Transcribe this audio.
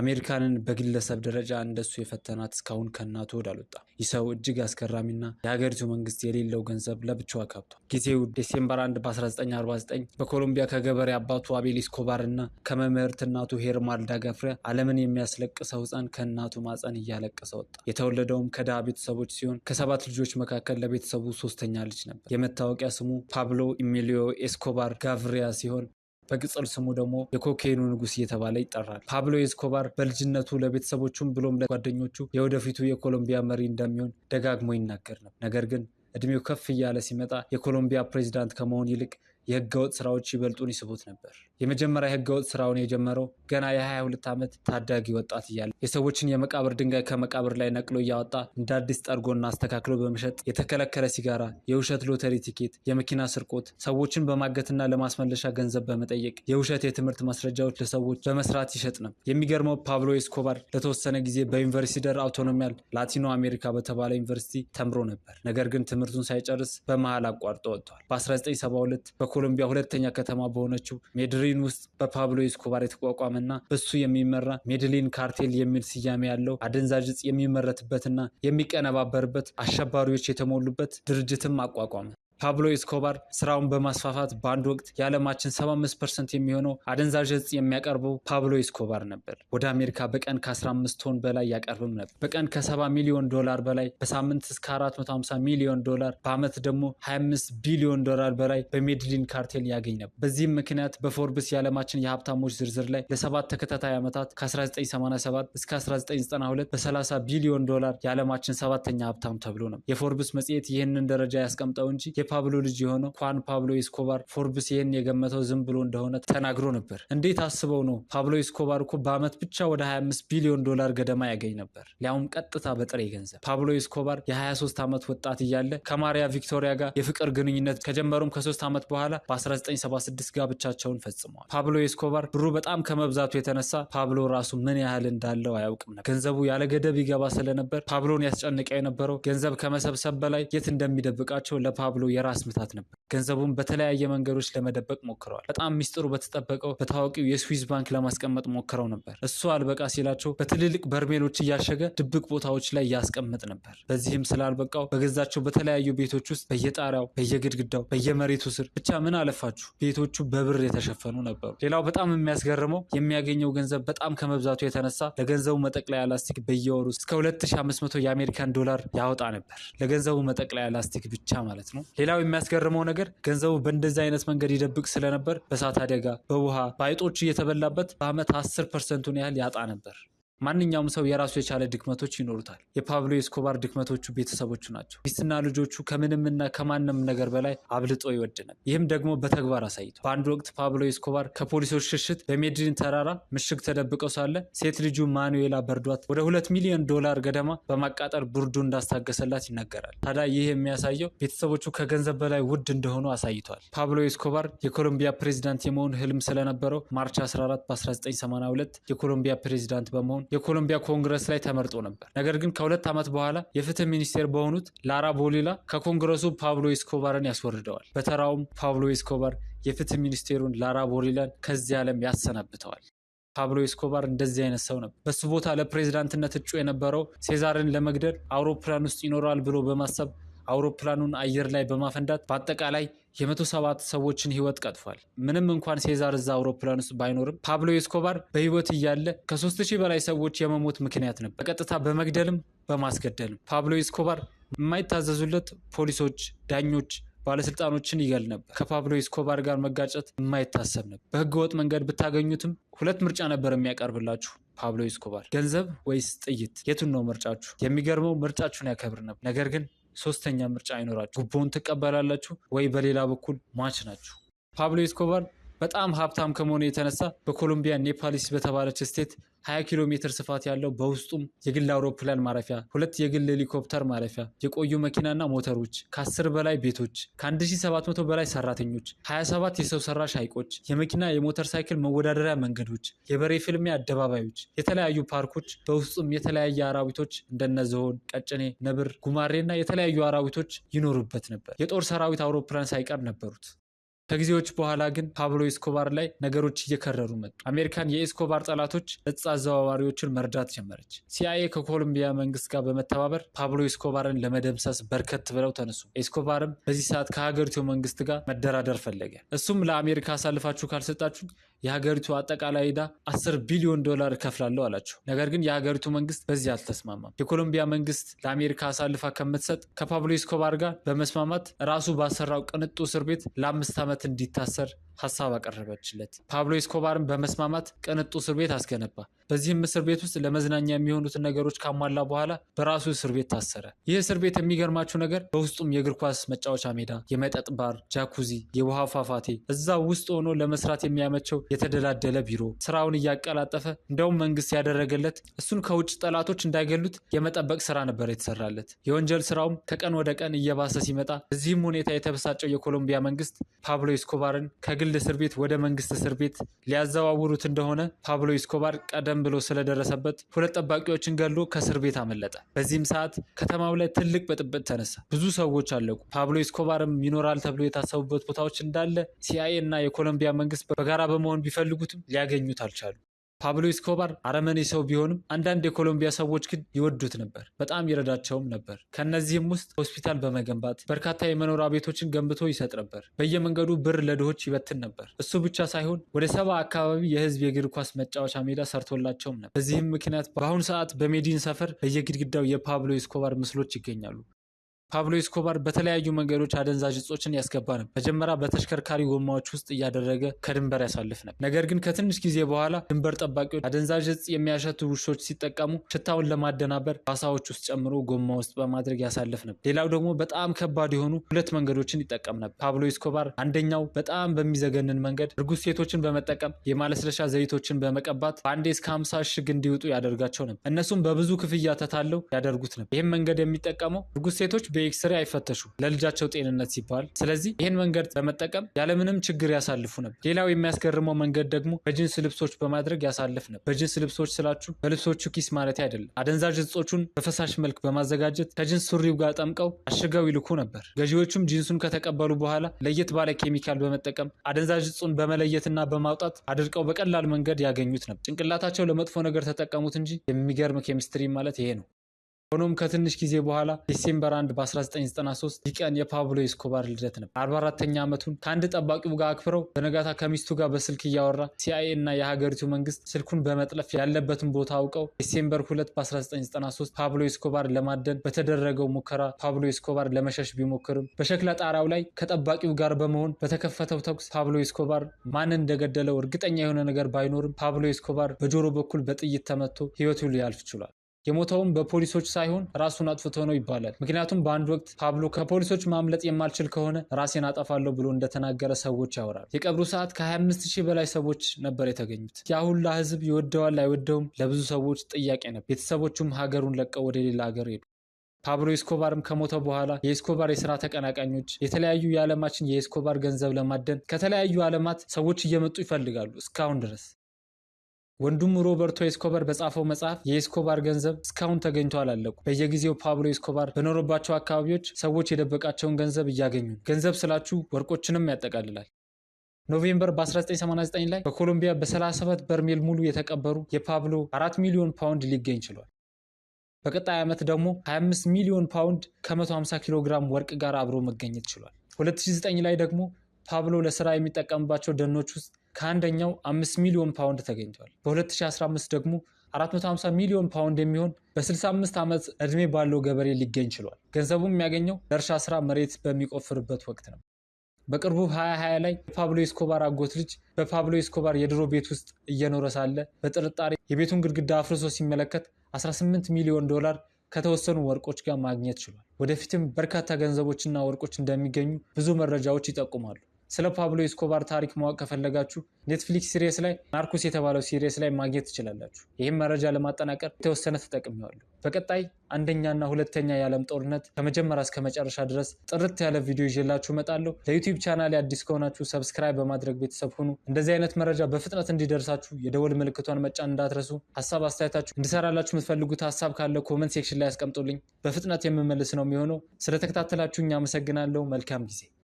አሜሪካንን በግለሰብ ደረጃ እንደሱ የፈተናት እስካሁን ከእናቱ ወድ ይህ ሰው እጅግ አስገራሚና የሀገሪቱ መንግስት የሌለው ገንዘብ ለብቻዋ ካብቷል። ጊዜው ዴሴምበር 1 በ1949 በኮሎምቢያ ከገበሬ አባቱ አቤል ኢስኮባር እና ከመምህርት እናቱ ሄርማልዳ ጋፍሪያ ዓለምን የሚያስለቅሰው ህፃን ከእናቱ ማፀን እያለቀሰ ወጣ። የተወለደውም ከድሃ ቤተሰቦች ሲሆን ከሰባት ልጆች መካከል ለቤተሰቡ ሶስተኛ ልጅ ነበር። የመታወቂያ ስሙ ፓብሎ ኢሚሊዮ ኤስኮባር ጋቭሪያ ሲሆን በቅጽል ስሙ ደግሞ የኮኬኑ ንጉስ እየተባለ ይጠራል። ፓብሎ ኤስኮባር በልጅነቱ ለቤተሰቦቹም ብሎም ለጓደኞቹ የወደፊቱ የኮሎምቢያ መሪ እንደሚሆን ደጋግሞ ይናገር ነበር። ነገር ግን እድሜው ከፍ እያለ ሲመጣ የኮሎምቢያ ፕሬዚዳንት ከመሆን ይልቅ የህገወጥ ስራዎች ይበልጡን ይስቡት ነበር። የመጀመሪያ የህገወጥ ስራውን የጀመረው ገና የ22 ዓመት ታዳጊ ወጣት እያለ የሰዎችን የመቃብር ድንጋይ ከመቃብር ላይ ነቅሎ እያወጣ እንደ አዲስ ጠርጎና አስተካክሎ በመሸጥ የተከለከለ ሲጋራ፣ የውሸት ሎተሪ ቲኬት፣ የመኪና ስርቆት፣ ሰዎችን በማገትና ለማስመለሻ ገንዘብ በመጠየቅ የውሸት የትምህርት ማስረጃዎች ለሰዎች በመስራት ይሸጥ ነው። የሚገርመው ፓብሎ ኤስኮባር ለተወሰነ ጊዜ በዩኒቨርሲቲ ደር አውቶኖሚያል ላቲኖ አሜሪካ በተባለ ዩኒቨርሲቲ ተምሮ ነበር። ነገር ግን ትምህርቱን ሳይጨርስ በመሃል አቋርጦ ወጥቷል። በ1972 በኮሎምቢያ ሁለተኛ ከተማ በሆነችው ሜድሪን ውስጥ በፓብሎ ኤስኮባር የተቋቋመና በሱ የሚመራ ሜድሊን ካርቴል የሚል ስያሜ ያለው አደንዛዥ እጽ የሚመረትበትና የሚቀነባበርበት አሸባሪዎች የተሞሉበት ድርጅትም አቋቋመ። ፓብሎ ኤስኮባር ስራውን በማስፋፋት በአንድ ወቅት የዓለማችን 75 ፐርሰንት የሚሆነው አደንዛዥ እጽ የሚያቀርበው ፓብሎ ኤስኮባር ነበር። ወደ አሜሪካ በቀን ከ15 ቶን በላይ ያቀርብም ነበር። በቀን ከ70 ሚሊዮን ዶላር በላይ፣ በሳምንት እስከ 450 ሚሊዮን ዶላር፣ በአመት ደግሞ 25 ቢሊዮን ዶላር በላይ በሜድሊን ካርቴል ያገኝ ነበር። በዚህም ምክንያት በፎርብስ የዓለማችን የሀብታሞች ዝርዝር ላይ ለሰባት ተከታታይ ዓመታት ከ1987 እስከ 1992 በ30 ቢሊዮን ዶላር የዓለማችን ሰባተኛ ሀብታም ተብሎ ነው። የፎርብስ መጽሔት ይህንን ደረጃ ያስቀምጠው እንጂ የፓብሎ ልጅ የሆነው ኳን ፓብሎ ኤስኮባር ፎርብስ ይህን የገመተው ዝም ብሎ እንደሆነ ተናግሮ ነበር። እንዴት አስበው ነው? ፓብሎ ኤስኮባር እኮ በዓመት ብቻ ወደ 25 ቢሊዮን ዶላር ገደማ ያገኝ ነበር፣ ሊያውም ቀጥታ በጥሬ ገንዘብ። ፓብሎ ኤስኮባር የ23 ዓመት ወጣት እያለ ከማሪያ ቪክቶሪያ ጋር የፍቅር ግንኙነት ከጀመሩም ከሶስት ዓመት በኋላ በ1976 ጋብቻቸውን ፈጽመዋል። ፓብሎ ኤስኮባር ብሩ በጣም ከመብዛቱ የተነሳ ፓብሎ ራሱ ምን ያህል እንዳለው አያውቅም ነበር። ገንዘቡ ያለ ገደብ ይገባ ስለነበር ፓብሎን ያስጨንቀ የነበረው ገንዘብ ከመሰብሰብ በላይ የት እንደሚደብቃቸው ለፓብሎ የራስ ምታት ነበር። ገንዘቡን በተለያየ መንገዶች ለመደበቅ ሞክረዋል። በጣም ሚስጥሩ በተጠበቀው በታዋቂው የስዊዝ ባንክ ለማስቀመጥ ሞክረው ነበር። እሱ አልበቃ ሲላቸው በትልልቅ በርሜሎች እያሸገ ድብቅ ቦታዎች ላይ ያስቀምጥ ነበር። በዚህም ስላልበቃው በገዛቸው በተለያዩ ቤቶች ውስጥ በየጣሪያው፣ በየግድግዳው፣ በየመሬቱ ስር ብቻ ምን አለፋችሁ ቤቶቹ በብር የተሸፈኑ ነበሩ። ሌላው በጣም የሚያስገርመው የሚያገኘው ገንዘብ በጣም ከመብዛቱ የተነሳ ለገንዘቡ መጠቅለያ ላስቲክ በየወሩ እስከ 2500 የአሜሪካን ዶላር ያወጣ ነበር። ለገንዘቡ መጠቅለያ ላስቲክ ብቻ ማለት ነው። ሌላ ሌላው የሚያስገርመው ነገር ገንዘቡ በእንደዚህ አይነት መንገድ ይደብቅ ስለነበር በእሳት አደጋ፣ በውሃ፣ በአይጦች እየተበላበት በአመት አስር ፐርሰንቱን ያህል ያጣ ነበር። ማንኛውም ሰው የራሱ የቻለ ድክመቶች ይኖሩታል። የፓብሎ ኤስኮባር ድክመቶቹ ቤተሰቦቹ ናቸው። ሚስትና ልጆቹ ከምንምና ከማንም ነገር በላይ አብልጦ ይወድ ነበር። ይህም ደግሞ በተግባር አሳይቷል። በአንድ ወቅት ፓብሎ ኤስኮባር ከፖሊሶች ሽሽት በሜድሪን ተራራ ምሽግ ተደብቀው ሳለ ሴት ልጁ ማኑዌላ በርዷት ወደ ሁለት ሚሊዮን ዶላር ገደማ በማቃጠል ቡርዱ እንዳስታገሰላት ይነገራል። ታዲያ ይህ የሚያሳየው ቤተሰቦቹ ከገንዘብ በላይ ውድ እንደሆኑ አሳይቷል። ፓብሎ ኤስኮባር የኮሎምቢያ ፕሬዚዳንት የመሆን ህልም ስለነበረው ማርች 14 በ1982 የኮሎምቢያ ፕሬዚዳንት በመሆን የኮሎምቢያ ኮንግረስ ላይ ተመርጦ ነበር። ነገር ግን ከሁለት ዓመት በኋላ የፍትህ ሚኒስቴር በሆኑት ላራ ቦሌላ ከኮንግረሱ ፓብሎ ኤስኮባርን ያስወርደዋል። በተራውም ፓብሎ ኤስኮባር የፍትህ ሚኒስቴሩን ላራ ቦሌላን ከዚህ ዓለም ያሰናብተዋል። ፓብሎ ኤስኮባር እንደዚህ አይነት ሰው ነበር። በሱ ቦታ ለፕሬዚዳንትነት እጩ የነበረው ሴዛርን ለመግደል አውሮፕላን ውስጥ ይኖረዋል ብሎ በማሰብ አውሮፕላኑን አየር ላይ በማፈንዳት በአጠቃላይ የመቶ ሰባት ሰዎችን ህይወት ቀጥፏል። ምንም እንኳን ሴዛር እዛ አውሮፕላን ውስጥ ባይኖርም ፓብሎ ኤስኮባር በህይወት እያለ ከሶስት ሺህ በላይ ሰዎች የመሞት ምክንያት ነበር፣ በቀጥታ በመግደልም በማስገደልም። ፓብሎ ኤስኮባር የማይታዘዙለት ፖሊሶች፣ ዳኞች ባለስልጣኖችን ይገል ነበር። ከፓብሎ ኤስኮባር ጋር መጋጨት የማይታሰብ ነበር። ወጥ መንገድ ብታገኙትም ሁለት ምርጫ ነበር የሚያቀርብላችሁ ፓብሎ ኤስኮባር፣ ገንዘብ ወይስ ጥይት። የቱን ነው ምርጫችሁ? የሚገርመው ምርጫችሁን ያከብር ነበር፣ ነገር ግን ሶስተኛ ምርጫ አይኖራችሁ። ጉቦውን ትቀበላላችሁ ወይ በሌላ በኩል ማች ናችሁ። ፓብሎ ኤስኮባር በጣም ሀብታም ከመሆኑ የተነሳ በኮሎምቢያ ኔፓሊስ በተባለች ስቴት 20 ኪሎ ሜትር ስፋት ያለው በውስጡም የግል አውሮፕላን ማረፊያ፣ ሁለት የግል ሄሊኮፕተር ማረፊያ፣ የቆዩ መኪናና ሞተሮች፣ ከ10 በላይ ቤቶች፣ ከ1700 በላይ ሰራተኞች፣ 27 የሰው ሰራሽ ሐይቆች፣ የመኪና የሞተር ሳይክል መወዳደሪያ መንገዶች፣ የበሬ ፍልሚያ አደባባዮች፣ የተለያዩ ፓርኮች፣ በውስጡም የተለያየ አራዊቶች እንደነ ዝሆን፣ ቀጭኔ፣ ነብር፣ ጉማሬና የተለያዩ አራዊቶች ይኖሩበት ነበር። የጦር ሰራዊት አውሮፕላን ሳይቀር ነበሩት። ከጊዜዎች በኋላ ግን ፓብሎ ኤስኮባር ላይ ነገሮች እየከረሩ መጡ። አሜሪካን የኤስኮባር ጠላቶች እጽ አዘዋዋሪዎችን መርዳት ጀመረች። ሲአይኤ ከኮሎምቢያ መንግስት ጋር በመተባበር ፓብሎ ኤስኮባርን ለመደምሰስ በርከት ብለው ተነሱ። ኤስኮባርም በዚህ ሰዓት ከሀገሪቱ መንግስት ጋር መደራደር ፈለገ። እሱም ለአሜሪካ አሳልፋችሁ ካልሰጣችሁ የሀገሪቱ አጠቃላይ ዕዳ 10 ቢሊዮን ዶላር እከፍላለሁ አላቸው። ነገር ግን የሀገሪቱ መንግስት በዚህ አልተስማማም። የኮሎምቢያ መንግስት ለአሜሪካ አሳልፋ ከምትሰጥ ከፓብሎ ኤስኮባር ጋር በመስማማት ራሱ ባሰራው ቅንጡ እስር ቤት ለአምስት ዓመት እንዲታሰር ሀሳብ አቀረበችለት። ፓብሎ ኤስኮባርን በመስማማት ቅንጡ እስር ቤት አስገነባ። በዚህም እስር ቤት ውስጥ ለመዝናኛ የሚሆኑትን ነገሮች ካሟላ በኋላ በራሱ እስር ቤት ታሰረ። ይህ እስር ቤት የሚገርማችሁ ነገር በውስጡም የእግር ኳስ መጫወቻ ሜዳ፣ የመጠጥ ባር፣ ጃኩዚ፣ የውሃ ፏፏቴ፣ እዛ ውስጥ ሆኖ ለመስራት የሚያመቸው የተደላደለ ቢሮ፣ ስራውን እያቀላጠፈ እንደውም መንግስት ያደረገለት እሱን ከውጭ ጠላቶች እንዳይገሉት የመጠበቅ ስራ ነበር የተሰራለት። የወንጀል ስራውም ከቀን ወደ ቀን እየባሰ ሲመጣ በዚህም ሁኔታ የተበሳጨው የኮሎምቢያ መንግስት ፓብሎ ኢስኮባርን ከግል እስር ቤት ወደ መንግስት እስር ቤት ሊያዘዋውሩት እንደሆነ ፓብሎ ኢስኮባር ቀደም ብሎ ስለደረሰበት ሁለት ጠባቂዎችን ገሎ ከእስር ቤት አመለጠ። በዚህም ሰዓት ከተማው ላይ ትልቅ ብጥብጥ ተነሳ። ብዙ ሰዎች አለቁ። ፓብሎ ኤስኮባርም ይኖራል ተብሎ የታሰቡበት ቦታዎች እንዳለ ሲአይኤ እና የኮሎምቢያ መንግስት በጋራ በመሆን ቢፈልጉትም ሊያገኙት አልቻሉ። ፓብሎ ኢስኮባር አረመኔ ሰው ቢሆንም አንዳንድ የኮሎምቢያ ሰዎች ግን ይወዱት ነበር፣ በጣም ይረዳቸውም ነበር። ከእነዚህም ውስጥ ሆስፒታል በመገንባት በርካታ የመኖሪያ ቤቶችን ገንብቶ ይሰጥ ነበር። በየመንገዱ ብር ለድሆች ይበትን ነበር። እሱ ብቻ ሳይሆን ወደ ሰባ አካባቢ የህዝብ የእግር ኳስ መጫወቻ ሜዳ ሰርቶላቸውም ነበር። በዚህም ምክንያት በአሁኑ ሰዓት በሜዲን ሰፈር በየግድግዳው የፓብሎ ስኮባር ምስሎች ይገኛሉ። ፓብሎ ኤስኮባር በተለያዩ መንገዶች አደንዛዥ እጾችን ያስገባ ነበር። መጀመሪያ በተሽከርካሪ ጎማዎች ውስጥ እያደረገ ከድንበር ያሳልፍ ነበር። ነገር ግን ከትንሽ ጊዜ በኋላ ድንበር ጠባቂዎች አደንዛዥ እጽ የሚያሸቱ ውሾች ሲጠቀሙ ሽታውን ለማደናበር ባሳዎች ውስጥ ጨምሮ ጎማ ውስጥ በማድረግ ያሳልፍ ነበር። ሌላው ደግሞ በጣም ከባድ የሆኑ ሁለት መንገዶችን ይጠቀም ነበር ፓብሎ ኤስኮባር። አንደኛው በጣም በሚዘገንን መንገድ እርጉዝ ሴቶችን በመጠቀም የማለስለሻ ዘይቶችን በመቀባት በአንዴ እስከ ሃምሳ እሽግ እንዲወጡ ያደርጋቸው ነበር። እነሱም በብዙ ክፍያ ተታለው ያደርጉት ነበር። ይህም መንገድ የሚጠቀመው እርጉዝ ሴቶች በኤክስሬ አይፈተሹ ለልጃቸው ጤንነት ሲባል። ስለዚህ ይህን መንገድ በመጠቀም ያለምንም ችግር ያሳልፉ ነበር። ሌላው የሚያስገርመው መንገድ ደግሞ በጅንስ ልብሶች በማድረግ ያሳልፍ ነበር። በጅንስ ልብሶች ስላችሁ በልብሶቹ ኪስ ማለት አይደለም። አደንዛዥ እጾቹን በፈሳሽ መልክ በማዘጋጀት ከጅንስ ሱሪው ጋር ጠምቀው አሽገው ይልኩ ነበር። ገዢዎቹም ጂንሱን ከተቀበሉ በኋላ ለየት ባለ ኬሚካል በመጠቀም አደንዛዥ እጹን በመለየትና በማውጣት አድርቀው በቀላል መንገድ ያገኙት ነበር። ጭንቅላታቸው ለመጥፎ ነገር ተጠቀሙት እንጂ የሚገርም ኬሚስትሪ ማለት ይሄ ነው። ሆኖም ከትንሽ ጊዜ በኋላ ዲሴምበር 1 በ1993 ይህ ቀን የፓብሎ ኤስኮባር ልደት ነበር። 44ተኛ ዓመቱን ከአንድ ጠባቂው ጋር አክብረው በነጋታ ከሚስቱ ጋር በስልክ እያወራ ሲአይኤ እና የሀገሪቱ መንግስት ስልኩን በመጥለፍ ያለበትን ቦታ አውቀው ዲሴምበር 2 በ1993 ፓብሎ ኤስኮባር ለማደን በተደረገው ሙከራ ፓብሎ ኤስኮባር ለመሸሽ ቢሞክርም በሸክላ ጣሪያው ላይ ከጠባቂው ጋር በመሆን በተከፈተው ተኩስ ፓብሎ ኤስኮባር ማንን እንደገደለው እርግጠኛ የሆነ ነገር ባይኖርም ፓብሎ ኤስኮባር በጆሮ በኩል በጥይት ተመቶ ህይወቱ ሊያልፍ ችሏል። የሞተውም በፖሊሶች ሳይሆን ራሱን አጥፍቶ ነው ይባላል። ምክንያቱም በአንድ ወቅት ፓብሎ ከፖሊሶች ማምለጥ የማልችል ከሆነ ራሴን አጠፋለሁ ብሎ እንደተናገረ ሰዎች ያወራል። የቀብሩ ሰዓት ከ25 ሺህ በላይ ሰዎች ነበር የተገኙት። ያ ሁላ ህዝብ ይወደዋል አይወደውም ለብዙ ሰዎች ጥያቄ ነበር። ቤተሰቦቹም ሀገሩን ለቀው ወደ ሌላ ሀገር ሄዱ። ፓብሎ ኤስኮባርም ከሞተ በኋላ የኤስኮባር የስራ ተቀናቃኞች የተለያዩ የዓለማችን የኤስኮባር ገንዘብ ለማደን ከተለያዩ ዓለማት ሰዎች እየመጡ ይፈልጋሉ እስካሁን ድረስ ወንድሙ ሮበርቶ ኤስኮባር በጻፈው መጽሐፍ የኤስኮባር ገንዘብ እስካሁን ተገኝቶ አላለቁ። በየጊዜው ፓብሎ ኤስኮባር በኖረባቸው አካባቢዎች ሰዎች የደበቃቸውን ገንዘብ እያገኙ ነው። ገንዘብ ስላችሁ ወርቆችንም ያጠቃልላል። ኖቬምበር በ1989 ላይ በኮሎምቢያ በ37 በርሜል ሙሉ የተቀበሩ የፓብሎ 4 ሚሊዮን ፓውንድ ሊገኝ ችሏል። በቀጣይ ዓመት ደግሞ 25 ሚሊዮን ፓውንድ ከ150 ኪሎ ግራም ወርቅ ጋር አብሮ መገኘት ችሏል። 2009 ላይ ደግሞ ፓብሎ ለስራ የሚጠቀምባቸው ደኖች ውስጥ ከአንደኛው 5 ሚሊዮን ፓውንድ ተገኝቷል። በ2015 ደግሞ 450 ሚሊዮን ፓውንድ የሚሆን በ65 ዓመት ዕድሜ ባለው ገበሬ ሊገኝ ችሏል። ገንዘቡም የሚያገኘው ለእርሻ ስራ መሬት በሚቆፍርበት ወቅት ነው። በቅርቡ 2020 ላይ የፓብሎ ኤስኮባር አጎት ልጅ በፓብሎ ኤስኮባር የድሮ ቤት ውስጥ እየኖረ ሳለ በጥርጣሬ የቤቱን ግድግዳ አፍርሶ ሲመለከት 18 ሚሊዮን ዶላር ከተወሰኑ ወርቆች ጋር ማግኘት ችሏል። ወደፊትም በርካታ ገንዘቦችና ወርቆች እንደሚገኙ ብዙ መረጃዎች ይጠቁማሉ። ስለ ፓብሎ ኤስኮባር ታሪክ ማወቅ ከፈለጋችሁ ኔትፍሊክስ ሲሪየስ ላይ ናርኮስ የተባለው ሲሪየስ ላይ ማግኘት ትችላላችሁ። ይህም መረጃ ለማጠናቀር የተወሰነ ተጠቅሚዋለሁ። በቀጣይ አንደኛና ሁለተኛ የዓለም ጦርነት ከመጀመሪያ እስከ መጨረሻ ድረስ ጥርት ያለ ቪዲዮ ይዤላችሁ እመጣለሁ። ለዩቲዩብ ቻናል አዲስ ከሆናችሁ ሰብስክራይብ በማድረግ ቤተሰብ ሁኑ። እንደዚህ አይነት መረጃ በፍጥነት እንዲደርሳችሁ የደወል ምልክቷን መጫን እንዳትረሱ። ሀሳብ አስተያየታችሁ እንድሰራላችሁ የምትፈልጉት ሀሳብ ካለ ኮመንት ሴክሽን ላይ ያስቀምጡልኝ። በፍጥነት የምመልስ ነው የሚሆነው። ስለተከታተላችሁ አመሰግናለሁ። መልካም ጊዜ